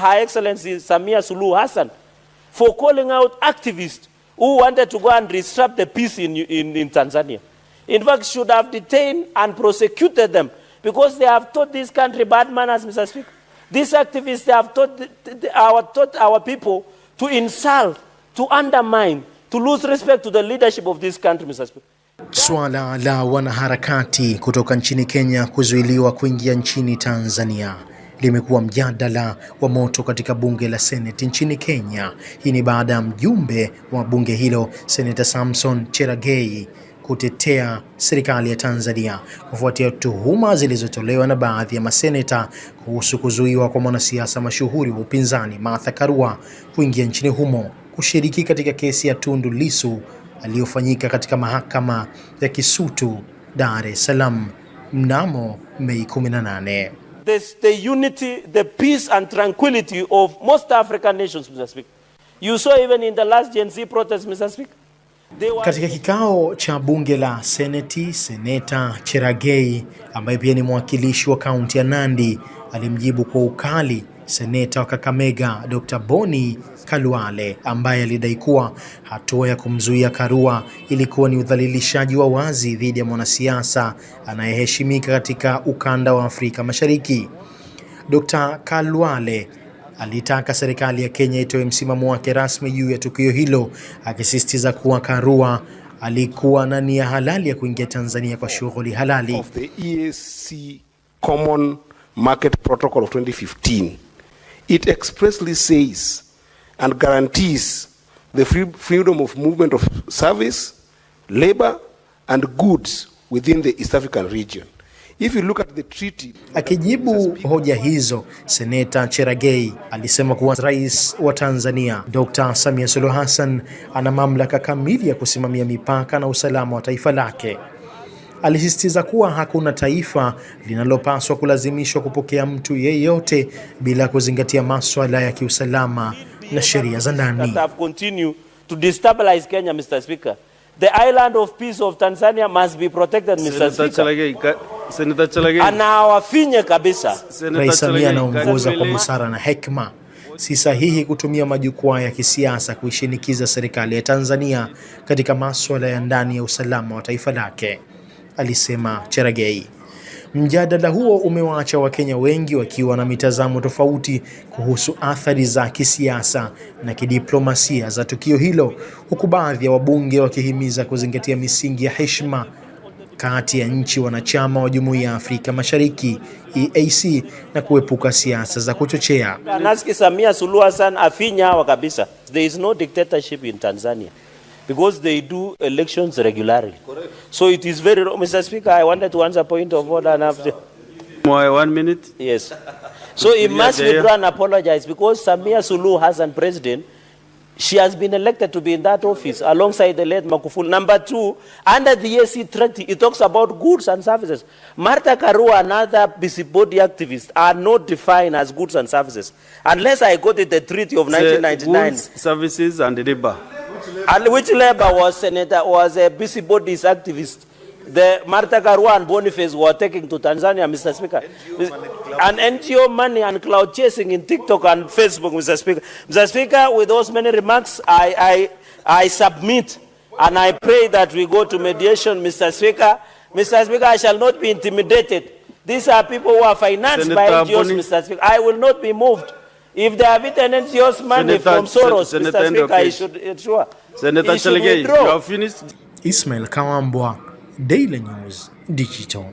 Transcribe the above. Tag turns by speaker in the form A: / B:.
A: Her Excellency Samia Suluhu Hassan for calling out activists who wanted to go and disrupt the peace in, in, in Tanzania. In fact, should have detained and prosecuted them because they have taught this country bad manners, Mr. Speaker. These activists they have taught, the, the, our, taught our people to insult, to undermine, to lose respect to the leadership of this country, Mr. Speaker.
B: Swala la wanaharakati kutoka nchini Kenya kuzuiliwa kuingia nchini Tanzania limekuwa mjadala wa moto katika bunge la seneti nchini Kenya. Hii ni baada ya mjumbe wa bunge hilo Senator Samson Cherargei kutetea serikali ya Tanzania kufuatia tuhuma zilizotolewa na baadhi ya maseneta kuhusu kuzuiwa kwa mwanasiasa mashuhuri wa upinzani Martha Karua kuingia nchini humo kushiriki katika kesi ya Tundu Lissu aliyofanyika katika mahakama ya Kisutu Dar es Salaam mnamo Mei 18
A: the, the unity, the peace and tranquility of most African nations, Mr. Speaker. You saw even in the last Gen Z protest, Mr. Speaker.
B: Katika kikao cha bunge la Seneti, Seneta Cherargei ambaye pia ni mwakilishi wa kaunti ya Nandi alimjibu kwa ukali Seneta wa Kakamega Dr. Boni Kalwale ambaye alidai kuwa hatua ya kumzuia Karua ilikuwa ni udhalilishaji wa wazi dhidi ya mwanasiasa anayeheshimika katika ukanda wa Afrika Mashariki. Dr. Kalwale alitaka serikali ya Kenya itoe msimamo wake rasmi juu ya tukio hilo, akisisitiza kuwa Karua alikuwa na nia halali ya kuingia Tanzania kwa shughuli halali
C: of the EAC Common Market Protocol of 2015. It expressly says and guarantees the free freedom of movement of service, labor, and goods within the East African region. If you look at the treaty...
B: Akijibu hoja hizo, Seneta Cheragei alisema kuwa Rais wa Tanzania Dr. Samia Suluhu Hassan ana mamlaka kamili ya kusimamia mipaka na usalama wa taifa lake alisisitiza kuwa hakuna taifa linalopaswa kulazimishwa kupokea mtu yeyote bila kuzingatia maswala ya kiusalama na sheria za ndani.
A: Anawafinye kabisa.
B: Rais Samia anaongoza kwa busara na hekima. Si sahihi kutumia majukwaa ya kisiasa kuishinikiza serikali ya Tanzania katika masuala ya ndani ya usalama wa taifa lake alisema Cheragei. Mjadala huo umewaacha Wakenya wengi wakiwa na mitazamo tofauti kuhusu athari za kisiasa na kidiplomasia za tukio hilo, huku baadhi ya wabunge wakihimiza kuzingatia misingi ya heshima kati ya nchi wanachama wa Jumuiya ya Afrika Mashariki EAC na kuepuka siasa za kuchochea.
A: Naski Samia Suluhu Hassan afinya hawa kabisa. There is no dictatorship in Tanzania because they do elections regularly. Correct. So it is very wrong. Mr. Speaker, I wanted to answer point of order and after.
D: More one minute?
A: Yes. So it must be and apologize because Samia Suluhu Hassan, president, she has been elected to be in that office alongside the late Magufuli. Number two, under the EAC Treaty, it talks about goods and services. Martha Karua and other busybody activists are not defined as goods and services, unless I got it the Treaty of 1999. Uh, goods,
D: services, and labor.
A: and which Labour was senator was a busybodies activist. The Martha Karua and Boniface were taking to Tanzania, Mr. Speaker. and NGO money and cloud chasing in TikTok and Facebook, Mr. Speaker. Mr. Speaker, with those many remarks, I, I, I submit and I pray that we go to mediation, Mr. Speaker. Mr. Speaker, I shall not be intimidated. These are people who are financed Senator by NGOs, Mr. Speaker. I will not be moved. If they have eaten NGO's money Senator, from Soros, Sen- Mr. Senator Speaker, he should, he should, Senator
D: he should Chalige, withdraw. you have finished?
B: Ismail Kawambwa, Daily News, Digital.